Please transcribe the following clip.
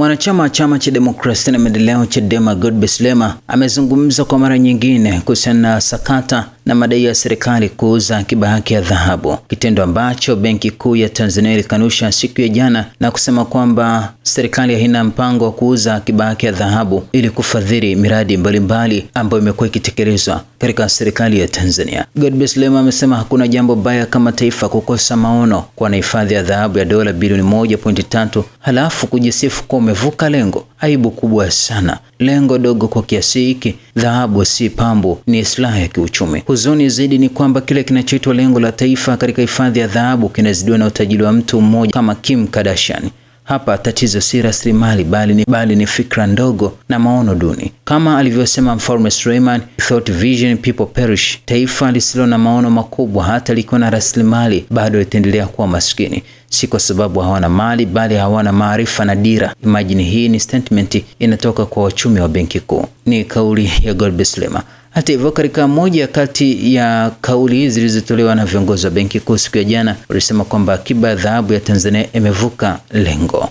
Mwanachama wa chama cha demokrasia na maendeleo Chadema Godbless Lema amezungumza kwa mara nyingine kuhusiana na sakata na madai ya serikali kuuza akiba yake ya dhahabu, kitendo ambacho Benki Kuu ya Tanzania ilikanusha siku ya jana na kusema kwamba serikali haina mpango wa kuuza akiba yake ya dhahabu ili kufadhili miradi mbalimbali ambayo imekuwa ikitekelezwa katika serikali ya Tanzania. Godbless Lema amesema hakuna jambo baya kama taifa kukosa maono kwa na hifadhi ya dhahabu ya dola bilioni 1.3 halafu kujisifu kuwa umevuka lengo aibu kubwa sana. Lengo dogo kwa kiasi hiki. Dhahabu si pambo, ni silaha ya kiuchumi. Huzuni zaidi ni kwamba kile kinachoitwa lengo la taifa katika hifadhi ya dhahabu kinazidiwa na utajiri wa mtu mmoja kama Kim Kardashian. Hapa tatizo si rasilimali bali ni, bali ni fikra ndogo na maono duni. Kama alivyosema Mfalme Suleiman, without vision people perish. Taifa lisilo na maono makubwa, hata likiwa na rasilimali, bado litaendelea kuwa maskini si kwa sababu hawana mali bali hawana maarifa na dira. Imagine, hii ni statement inatoka kwa wachumi wa benki kuu, ni kauli ya Godbless Hata hivyo, katika moja kati ya kauli zilizotolewa na viongozi wa benki kuu siku ya jana, walisema kwamba akiba ya dhahabu ya Tanzania imevuka lengo.